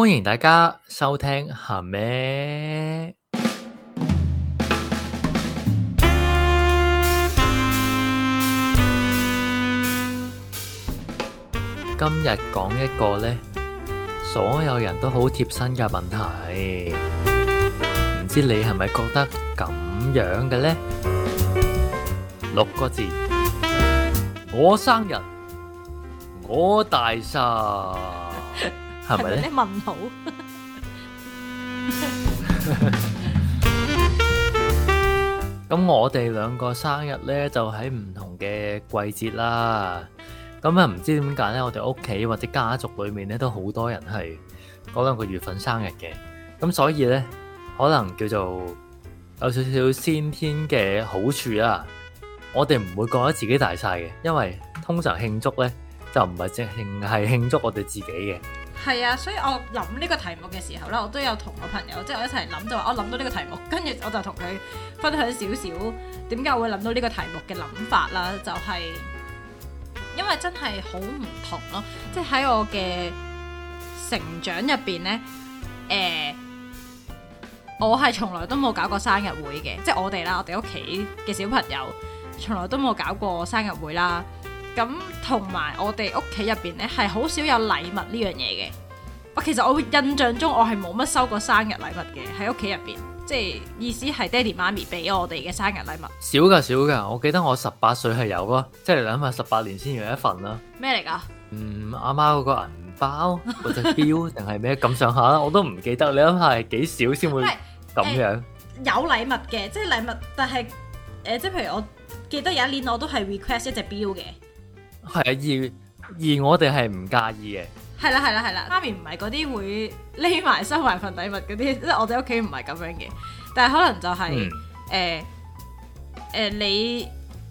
歡迎大家收聽《鹹咩》。今日講一個呢，所有人都好貼身嘅問題，唔知你係咪覺得咁樣嘅呢？六個字，我生日，我大晒。係咪咧？啲問號咁， 我哋兩個生日咧就喺唔同嘅季節啦。咁啊，唔知點解咧，我哋屋企或者家族裏面咧都好多人係嗰兩個月份生日嘅。咁所以咧，可能叫做有少少先天嘅好處啦。我哋唔會覺得自己大晒嘅，因為通常慶祝咧就唔係淨係慶祝我哋自己嘅。係啊，所以我諗呢個題目嘅時候呢，我都有同我朋友，即係我一齊諗就話，我諗到呢個題目，跟住我就同佢分享少少點解我會諗到呢個題目嘅諗法啦，就係因為真係好唔同咯，即係喺我嘅成長入邊呢。誒，我係從來都冇搞過生日會嘅，即係我哋啦，我哋屋企嘅小朋友從來都冇搞過生日會啦。咁同埋我哋屋企入邊咧，係好少有禮物呢樣嘢嘅。我其實我印象中，我係冇乜收過生日禮物嘅喺屋企入邊，即係意思係爹哋媽咪俾我哋嘅生日禮物。少噶，少噶。我記得我十八歲係有咯，即係你諗下十八年先有一份啦，啊。咩嚟噶？嗯，阿媽嗰個銀包，嗰隻表定係咩咁上下啦？我都唔記得。你諗下係幾少先會咁樣，呃？有禮物嘅，即係禮物，但係誒、呃，即係譬如我記得有一年我都係 request 一隻表嘅。係啊，而而我哋係唔介意嘅。係啦，係啦，係啦，媽咪唔係嗰啲會匿埋收埋份禮物嗰啲，即係我哋屋企唔係咁樣嘅。但係可能就係誒誒，你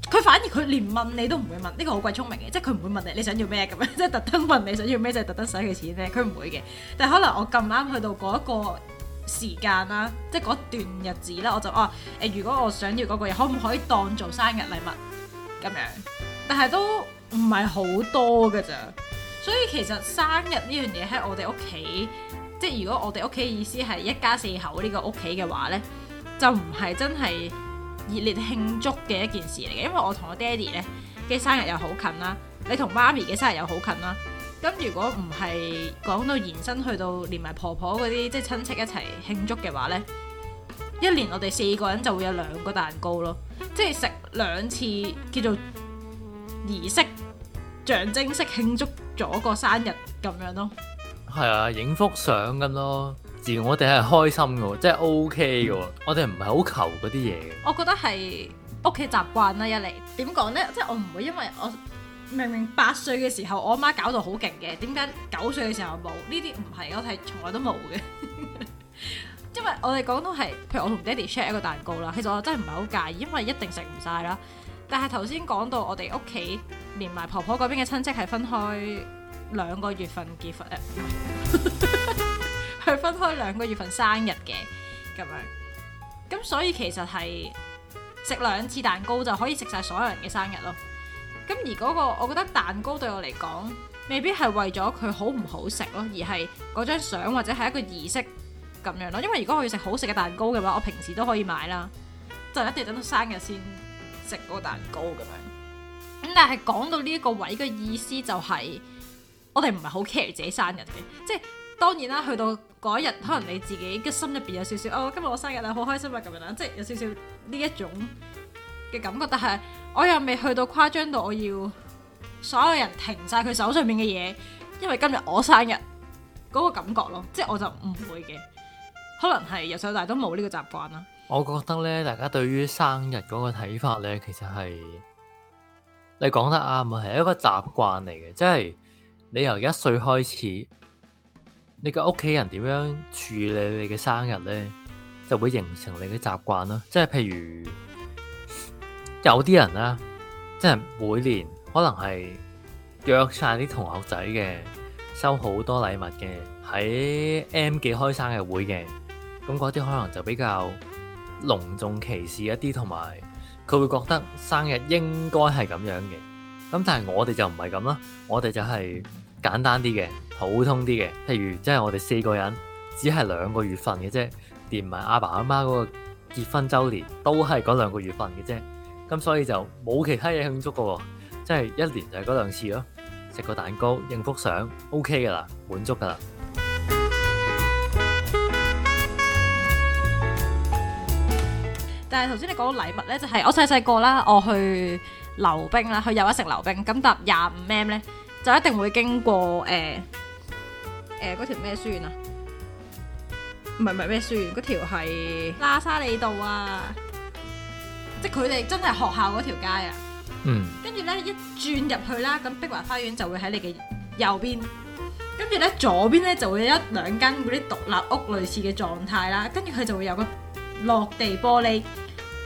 佢反而佢連問你都唔會問，呢個好鬼聰明嘅，即係佢唔會問你你想要咩咁樣，即係特登問你想要咩就係特登使佢錢咩，佢唔會嘅。但係可能我咁啱去到嗰一個時間啦，即係嗰一段日子啦，我就哦誒，如果我想要嗰個嘢，可唔可以當做生日禮物咁樣？但係都。唔係好多㗎咋，所以其實生日呢樣嘢喺我哋屋企，即係如果我哋屋企意思係一家四口呢個屋企嘅話呢，就唔係真係熱烈慶祝嘅一件事嚟嘅。因為我同我爹哋呢嘅生日又好近啦，你同媽咪嘅生日又好近啦。咁如果唔係講到延伸去到連埋婆婆嗰啲即係親戚一齊慶祝嘅話呢，一年我哋四個人就會有兩個蛋糕咯，即係食兩次叫做。儀式象徵式慶祝咗個生日咁樣咯，係啊，影幅相咁咯。而我哋係開心嘅，即係 OK 嘅。我哋唔係好求嗰啲嘢。我覺得係屋企習慣啦，一嚟點講呢？即係我唔會因為我明明八歲嘅時候我媽搞到好勁嘅，點解九歲嘅時候冇呢啲？唔係，我係從來都冇嘅。 因為我哋講到係，譬如我同爹哋 share 一個蛋糕啦，其實我真係唔係好介意，因為一定食唔晒啦。但係頭先講到我哋屋企連埋婆婆嗰邊嘅親戚係分開兩個月份結婚，呃，係分開兩個月份生日嘅咁樣。咁所以其實係食兩次蛋糕就可以食晒所有人嘅生日咯。咁而嗰個我覺得蛋糕對我嚟講未必係為咗佢好唔好食咯，而係嗰張相或者係一個儀式咁樣咯。因為如果我要食好食嘅蛋糕嘅話，我平時都可以買啦，就一定等到生日先。食嗰個蛋糕咁樣，咁但係講到呢一個位嘅意思就係，我哋唔係好 care 自己生日嘅，即係當然啦，去到嗰一日，可能你自己嘅心入邊有少少，哦，今日我生日啊，好開心啊，咁樣啦，即係有少少呢一種嘅感覺，但係我又未去到誇張到我要所有人停晒佢手上面嘅嘢，因為今日我生日嗰個感覺咯，即係我就唔會嘅，可能係由細到大都冇呢個習慣啦。我覺得咧，大家對於生日嗰個睇法咧，其實係你講得啱啊，係一個習慣嚟嘅，即係你由一歲開始，你個屋企人點樣處理你嘅生日咧，就會形成你嘅習慣啦。即係譬如有啲人咧、啊，即係每年可能係約晒啲同學仔嘅，收好多禮物嘅，喺 M 記開生日會嘅，咁嗰啲可能就比較。隆重其事一啲，同埋佢會覺得生日應該係咁樣嘅。咁但係我哋就唔係咁啦，我哋就係簡單啲嘅、普通啲嘅。譬如即係我哋四個人，只係兩個月份嘅啫，連埋阿爸阿媽嗰個結婚周年都係嗰兩個月份嘅啫。咁所以就冇其他嘢慶祝嘅喎，即係一年就係嗰兩次咯，食個蛋糕、影幅相，OK 嘅啦，滿足嘅啦。頭先你講禮物咧，就係我細細個啦，我去溜冰啦，去又一城溜冰。咁搭廿五 M 咧，就一定會經過誒誒嗰條咩書院啊？唔係唔係咩書院，嗰條係喇沙利道啊！即係佢哋真係學校嗰條街啊。嗯。跟住咧一轉入去啦，咁碧華花園就會喺你嘅右邊，跟住咧左邊咧就會有一兩間嗰啲獨立屋類似嘅狀態啦。跟住佢就會有個落地玻璃。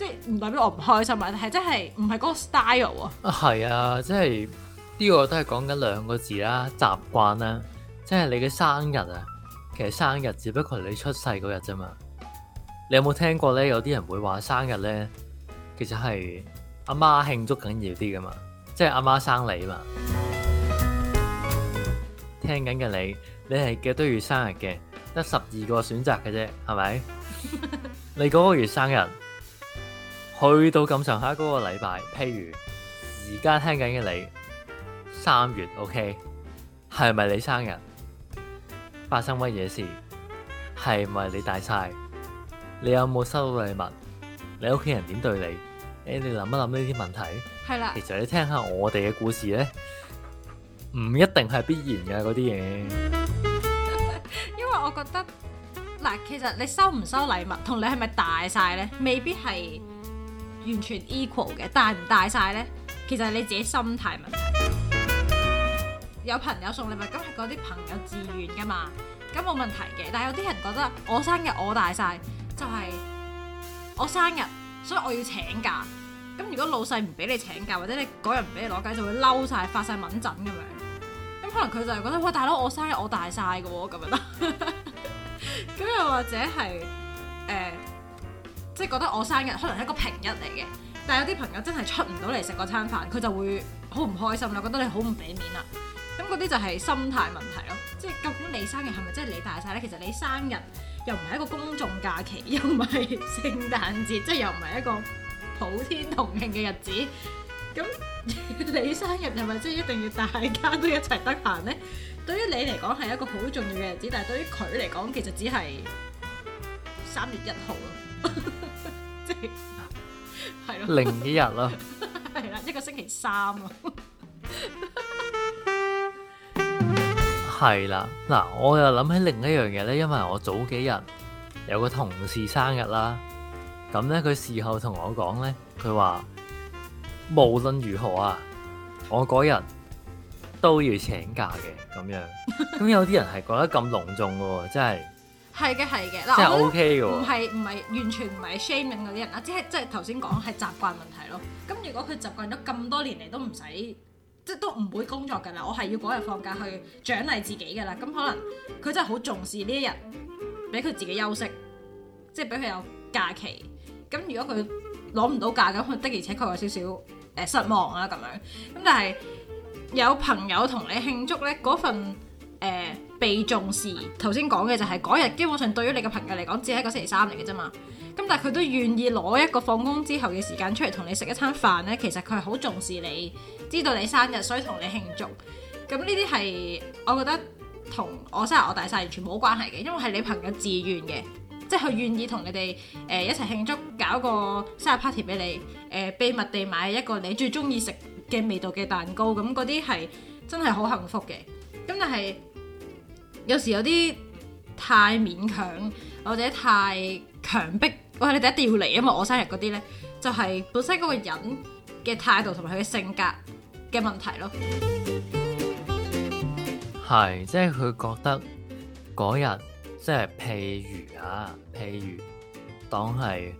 即係唔代表我唔開心啊，但係真係唔係嗰個 style 啊。係啊，即係呢個都係講緊兩個字啦，習慣啦。即係你嘅生日啊，其實生日只不過係你出世嗰日啫嘛。你有冇聽過咧？有啲人會話生日咧，其實係阿媽慶祝緊要啲噶嘛。即係阿媽生你嘛。聽緊嘅你，你係幾多月生日嘅？得十二個選擇嘅啫，係咪？ 你嗰個月生日？去到咁上下嗰個禮拜，譬如而家聽緊嘅你三月，OK，係咪你生日發生乜嘢事？係咪你大晒？你有冇收到禮物？你屋企人點對你？誒，你諗一諗呢啲問題係啦。其實你聽下我哋嘅故事咧，唔一定係必然嘅嗰啲嘢，因為我覺得嗱，其實你收唔收禮物同你係咪大晒咧，未必係。完全 equal 嘅，大唔大晒呢？其實係你自己心態問題。有朋友送禮物，咁係嗰啲朋友自願噶嘛，咁冇問題嘅。但係有啲人覺得我生日我大晒，就係、是、我生日，所以我要請假。咁如果老細唔俾你請假，或者你嗰日唔俾你攞假，就會嬲晒，發晒敏疹咁樣。咁可能佢就係覺得，喂大佬，我生日我大晒嘅喎，咁樣啦。咁 又或者係誒，呃即係覺得我生日可能係一個平日嚟嘅，但係有啲朋友真係出唔到嚟食嗰餐飯，佢就會好唔開心啦，覺得你好唔俾面啦。咁嗰啲就係心態問題咯。即係究竟你生日係咪真係你大晒呢？其實你生日又唔係一個公眾假期，又唔係聖誕節，即係又唔係一個普天同慶嘅日子。咁你生日係咪即係一定要大家都一齊得閒呢？對於你嚟講係一個好重要嘅日子，但係對於佢嚟講其實只係三月一號咯。 係咯，零幾日咯，係啦 ，一個星期三啊，係啦，嗱，我又諗起另一樣嘢咧，因為我早幾日有個同事生日啦，咁咧佢事後同我講咧，佢話無論如何啊，我嗰日都要請假嘅，咁樣，咁有啲人係覺得咁隆重嘅喎，真係。係嘅，係嘅。OK，唔係唔係完全唔係 shaming 嗰啲人啊，只係即係頭先講係習慣問題咯。咁如果佢習慣咗咁多年嚟都唔使，即係都唔會工作噶啦，我係要嗰日放假去獎勵自己噶啦。咁可能佢真係好重視呢一日，俾佢自己休息，即係俾佢有假期。咁如果佢攞唔到假，咁佢的而且確有少少誒失望啊咁樣。咁但係有朋友同你慶祝咧，嗰份誒。被重視，頭先講嘅就係嗰日，基本上對於你嘅朋友嚟講，只係一個星期三嚟嘅啫嘛。咁但係佢都願意攞一個放工之後嘅時間出嚟同你食一餐飯呢，其實佢係好重視你，知道你生日，所以同你慶祝。咁呢啲係我覺得同我生日我大晒完全冇關係嘅，因為係你朋友自願嘅，即係佢願意同你哋誒、呃、一齊慶祝，搞個生日 party 俾你誒、呃，秘密地買一個你最中意食嘅味道嘅蛋糕。咁嗰啲係真係好幸福嘅。咁但係。有時有啲太勉強，或者太強迫，哇！你第一一定要嚟啊嘛！因為我生日嗰啲咧，就係本身嗰個人嘅態度同埋佢嘅性格嘅問題咯。係，即係佢覺得嗰日，即係譬如啊，譬如當係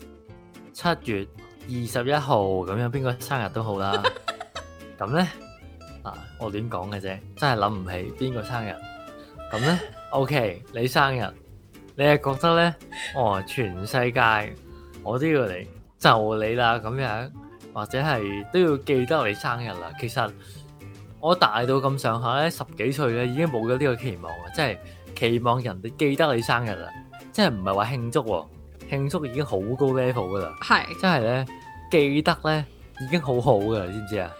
七月二十一號咁樣，邊個生日都好啦。咁咧啊，我亂講嘅啫，真係諗唔起邊個生日。咁咧，OK，你生日，你係覺得咧，哦，全世界我都要嚟就你啦，咁樣，或者係都要記得你生日啦。其實我大到咁上下咧，十幾歲咧，已經冇咗呢個期望啦，即係期望人哋記得你生日啦，即係唔係話慶祝，哦，慶祝已經好高 level 噶的啦，係，即係咧記得咧已經好好噶，你知唔知啊？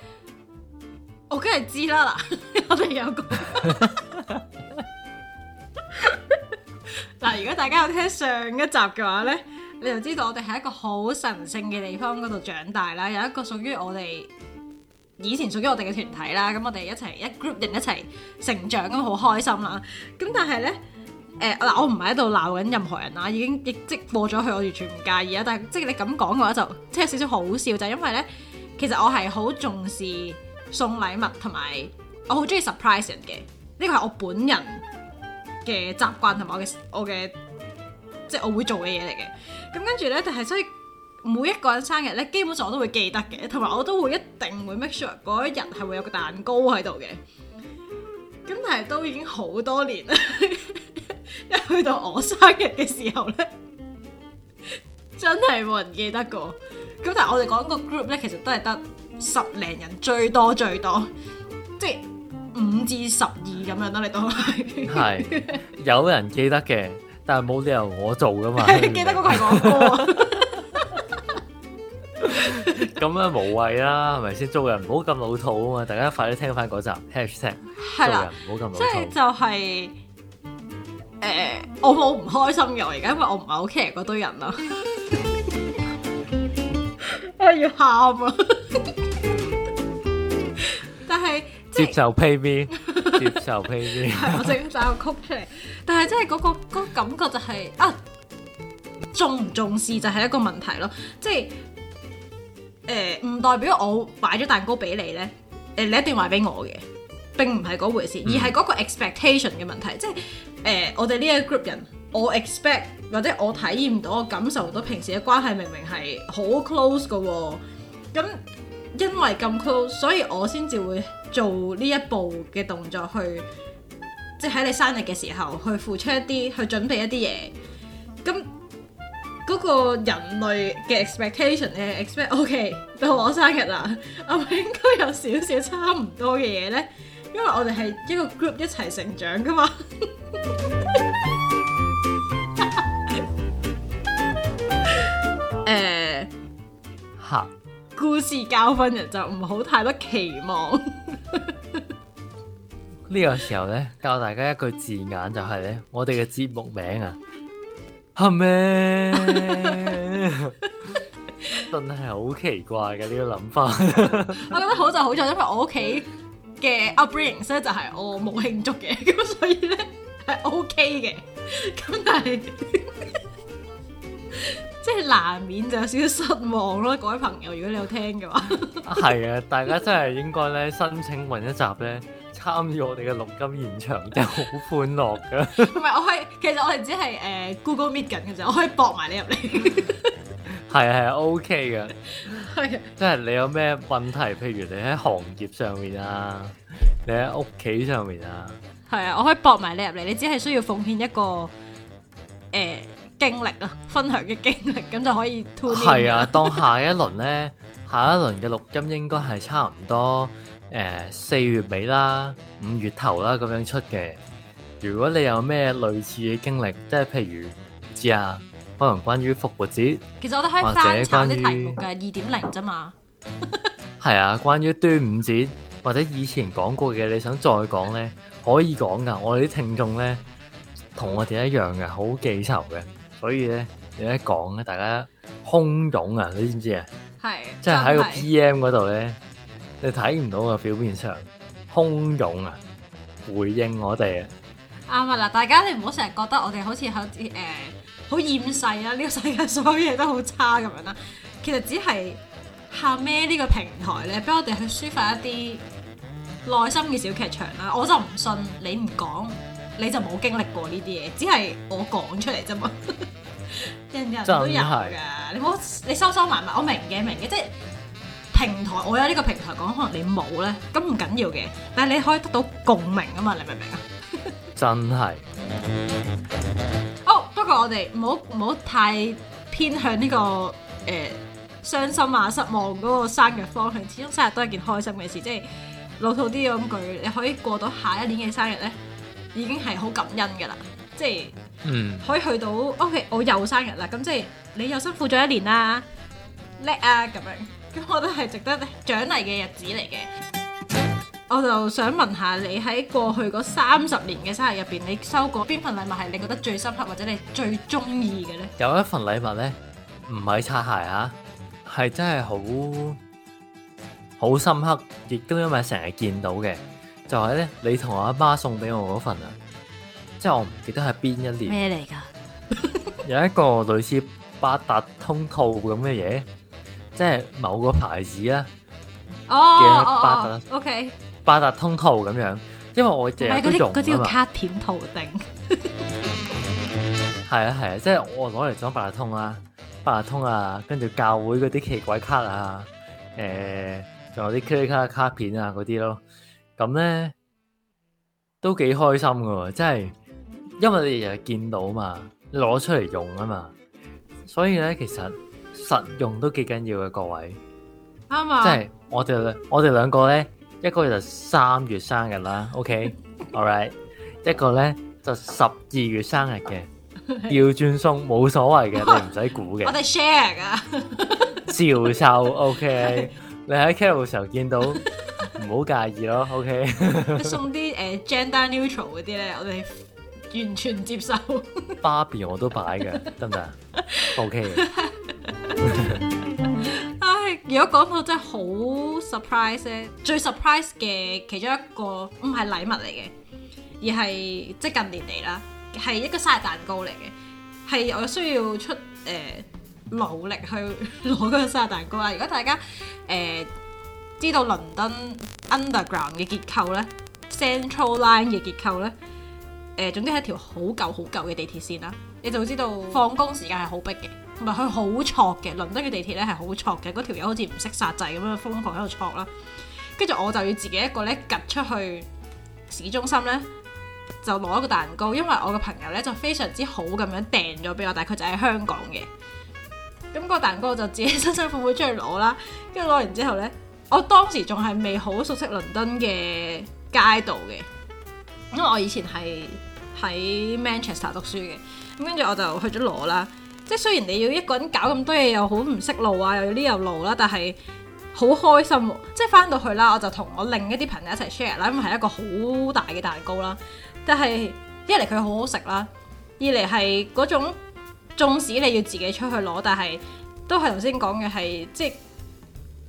我梗係知啦，嗱，我哋有個。 嗱，如果大家有聽上一集嘅話呢，你就知道我哋喺一個好神聖嘅地方度長大啦，有一個屬於我哋以前屬於我哋嘅團體啦，咁我哋一齊一 group 定一齊成長咁好開心啦。咁但係呢，誒、呃、嗱，我唔係喺度鬧緊任何人啊，已經亦即播咗佢。我完全唔介意啊。但係即係你咁講嘅話就，就即係少少好笑，就係，因為呢，其實我係好重視送禮物同埋我好中意 surprise 人嘅，呢個係我本人嘅習慣同埋我嘅我嘅即係我會做嘅嘢嚟嘅。咁跟住呢，但係所以每一個人生日呢，基本上我都會記得嘅，同埋我都會一定會 make sure 嗰一日係會有個蛋糕喺度嘅。咁但係都已經好多年啦，一去到我生日嘅時候呢，真係冇人記得過。咁但係我哋講個 group 呢，其實都係得十零人最多最多，即係。五至十二咁樣啦，你都係係有人記得嘅，但係冇理由我做噶嘛。 記得嗰個係我哥，咁樣無謂啦，係咪先？做人唔好咁老土啊嘛！大家快啲聽翻嗰集，hashtag，做人唔好咁老土啊。即係 就係、是、誒、呃，我冇唔開心嘅，我而家，因為我唔係屋企嗰堆人啦。我要喊啊！但係。接受批面，接受批面，係我整咗個曲出嚟。但係真係嗰個嗰個感覺就係啊，重唔重視就係一個問題咯。即係誒，唔代表我擺咗蛋糕俾你咧，誒，你一定買俾我嘅，並唔係嗰回事，而係嗰個 expectation 嘅問題。即係誒，我哋呢一個 group 人，我 expect 或者我體驗到、我感受到平時嘅關係，明明係好 close 噶，咁因為咁 close，所以我先至會。做呢一步嘅動作，去即係喺你生日嘅時候，去付出一啲，去準備一啲嘢。咁嗰、嗰個人類嘅 expectation 咧，expect，OK，到我生日啦，我 應該有少少差唔多嘅嘢呢，因為我哋係一個 group 一齊成長噶嘛。誒 嚇、 呃。故事教訓人就唔好太多期望。呢 個時候咧，教大家一句字眼就係咧，我哋嘅節目名 啊，係咩？真係好奇怪嘅呢、這個諗法。 我覺得好就好在，因為我屋企嘅 upbringing 咧就係我冇慶祝嘅，咁所以咧係 OK 嘅，咁但係。 即係難免就有少少失望咯，各位朋友。如果你有聽嘅話，係 啊，大家真係應該咧申請搵一集咧參與我哋嘅錄音現場， 真係好歡樂噶。唔係，我可以，其實我哋只係誒 Google Meet 緊嘅啫，我可以駁埋、呃、你入嚟。係 係 OK 嘅，係的，即係你有咩問題？譬如你喺行業上面啊，你喺屋企上面啊，係啊，我可以駁埋你入嚟。你只係需要奉獻一個誒。呃經歷啦，分享嘅經歷咁就可以。係啊，當下一輪咧， 下一輪嘅錄音應該係差唔多誒四月尾啦，五月頭啦咁樣出嘅。如果你有咩類似嘅經歷，即係譬如知啊，可能關於復活節，其實我題目或者關於二點零啫嘛，係 啊，關於端午節或者以前講過嘅，你想再講咧，可以講噶。我哋啲聽眾咧同我哋一樣嘅，好記仇嘅。所以咧，你一講咧，大家洶湧啊！你知唔知啊？係，即係喺個 PM 嗰度咧，你睇唔到個表面上洶湧啊！回應我哋，啱啊！嗱，大家你唔好成日覺得我哋好似好似好厭世啊，呢個世界所有嘢都好差咁樣啦。其實只係靠咩呢個平台咧，俾我哋去抒發一啲內心嘅小劇場啦。我就唔信你唔講。你就冇經歷過呢啲嘢，只係我講出嚟啫嘛，人人都有㗎。你冇，你收收埋埋，我明嘅明嘅，即係平台我有呢個平台講，可能你冇咧，咁唔緊要嘅，但係你可以得到共鳴啊嘛，你明唔明啊？真係。哦，不過我哋唔好唔好太偏向呢個誒傷心啊失望嗰個生日方向，始終生日都係件開心嘅事，即係老套啲咁句，你可以過到下一年嘅生日咧，已經係好感恩㗎啦，即係可以去到，OK，我又生日啦，咁即係你又辛苦咗一年啦，叻啊咁樣，咁我都係值得獎勵嘅日子嚟嘅。我就想問下你喺過去嗰三十年嘅生日入邊，你收過邊份禮物係你覺得最深刻或者你最中意嘅呢？有一份禮物呢，唔係擦鞋呀，係真係好好深刻，亦都因為成日見到嘅。就係咧，你同我阿媽送俾我嗰份啊，即係我唔記得係邊一年。咩嚟噶？ 有一個類似八達通套咁嘅嘢，即係某個牌子啊，哦。嘅八達。O K。八達通套咁樣，因為我借嗰種啊嘛。唔係嗰啲嗰啲卡片頭頂。係 啊係啊，即係我攞嚟裝八達通啊，八達通啊，跟住教會嗰啲奇怪卡啊，誒、欸，仲有啲 credit 卡卡片啊嗰啲咯。咁咧都幾開心噶，即係因為你日日見到嘛，攞出嚟用啊嘛，所以咧其實實用都幾緊要嘅，各位啱啊！即係我哋兩我哋兩個咧，一個就三月生日啦，OK，All right，一個咧就十二月生日嘅，要轉送冇所謂嘅，你唔使估嘅，我哋 share 啊，照收 OK，你喺 care 嘅時候見到。唔好介意咯，OK 送。送啲誒 gender neutral 嗰啲咧，我哋完全接受。芭 比我都擺嘅，得唔得？OK。 唉、哎，如果講到真係好 surprise 咧，最 surprise 嘅其中一個唔係、嗯、禮物嚟嘅，而係即係近年嚟啦，係一個生日蛋糕嚟嘅，係我需要出誒、呃、努力去攞嗰個生日蛋糕啊！如果大家誒～、呃知道倫敦 underground 嘅結構呢 Central Line 嘅結構呢，誒、呃、總之係一條好舊好舊嘅地鐵線啦。你就知道放工時間係好逼嘅，同埋佢好駛嘅。倫敦嘅地鐵呢係好駛嘅，嗰條友好似唔識煞掣咁樣瘋狂喺度駛啦。跟住我就要自己一個呢，趌出去市中心呢，就攞一個蛋糕，因為我個朋友呢就非常之好咁樣訂咗俾我，但係佢就喺香港嘅。咁、那個蛋糕就自己辛辛苦苦出去攞啦，跟住攞完之後呢。我當時仲係未好熟悉倫敦嘅街道嘅，因為我以前係喺 Manchester 讀書嘅，咁跟住我就去咗攞啦。即係雖然你要一個人搞咁多嘢，又好唔識路啊，又要呢又路啦，但係好開心喎！即係翻到去啦，我就同我另一啲朋友一齊 share 啦，因為係一個好大嘅蛋糕啦。但係一嚟佢好好食啦，二嚟係嗰種，縱使你要自己出去攞，但係都係頭先講嘅係即係。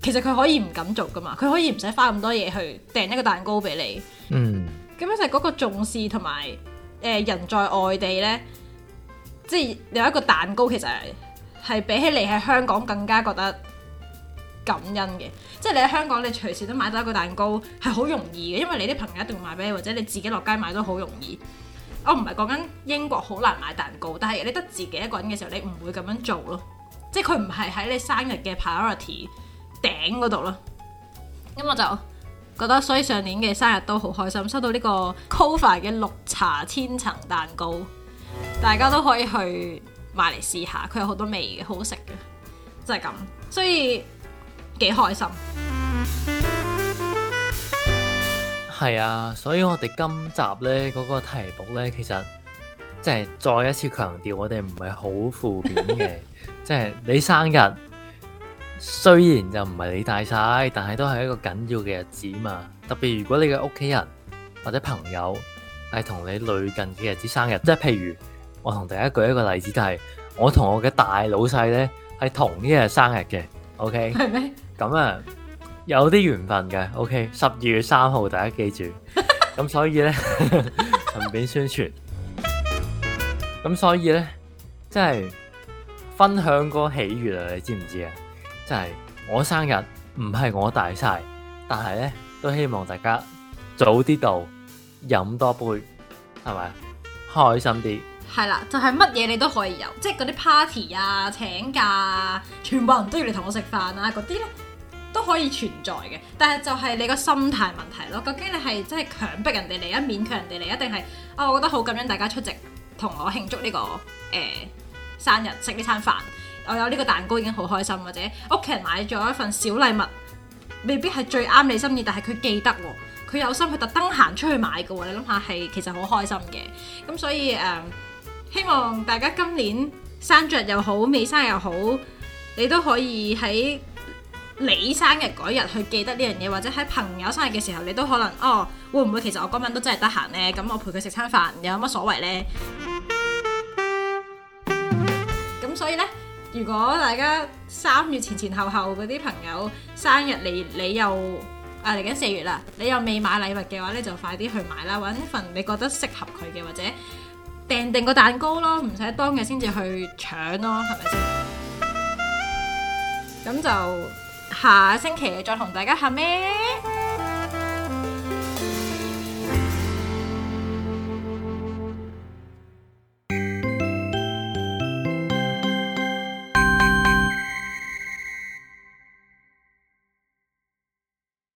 其實佢可以唔咁做㗎嘛，佢可以唔使花咁多嘢去訂一個蛋糕俾你。嗯，咁樣就係嗰個重視同埋誒人在外地呢。即係有一個蛋糕，其實係比起你喺香港更加覺得感恩嘅。即係你喺香港，你隨時都買到一個蛋糕係好容易嘅，因為你啲朋友一定要買俾你，或者你自己落街買都好容易。我唔係講緊英國好難買蛋糕，但係你得自己一個人嘅時候，你唔會咁樣做咯。即係佢唔係喺你生日嘅 priority。頂嗰度咯，咁我就覺得，所以上年嘅生日都好開心，收到呢個 Cover 嘅綠茶千層蛋糕，大家都可以去買嚟試下，佢有好多味嘅，好食嘅，真係咁，所以幾開心。係 啊，所以我哋今集呢嗰、嗰個題目呢，其實即係再一次強調，我哋唔係好負面嘅，即係你生日。雖然就唔係你大晒，但係都係一個緊要嘅日子嘛。特別如果你嘅屋企人或者朋友係同你類近嘅日子生日，即係譬如我同大家舉一個例子，就係我同我嘅大老細呢係同一日生日嘅。OK，係咩？咁啊，有啲緣分嘅。OK，十二月三號，大家記住。咁所以呢，順 便宣傳。咁所以呢，即係分享個喜悅啊！你知唔知啊？即係、就係、我生日唔係我大晒，但係呢，都希望大家早啲到飲多杯，係咪開心啲？係啦，就係乜嘢你都可以有，即係嗰啲 party 啊，請假啊，全部人都要嚟同我食飯啊，嗰啲呢，都可以存在嘅。但係就係你個心態問題咯，究竟你係真係強迫人哋嚟啊，一勉強人哋嚟一定係啊、哦？我覺得好感恩大家出席同我慶祝呢、呢個誒、呃、生日，食呢餐飯。我有呢個蛋糕已經好開心，或者屋企人買咗一份小禮物，未必係最啱你心意，但係佢記得喎，佢有心去特登行出去買嘅喎，你諗下係其實好開心嘅。咁所以誒，希望大家今年生著又好，未生又好，你都可以喺你生日嗰日去記得呢樣嘢，或者喺朋友生日嘅時候，你都可能哦，會唔會其實我今晚都真係得閒咧？咁我陪佢食餐飯又有乜所謂咧？咁所以咧。如果大家三月前前後後嗰啲朋友生日嚟，你又啊嚟緊四月啦，你又未買禮物嘅話咧，你就快啲去買啦，揾份你覺得適合佢嘅，或者訂定個蛋糕咯，唔使當日先至去搶咯，係咪先？咁就下星期再同大家嚇咩？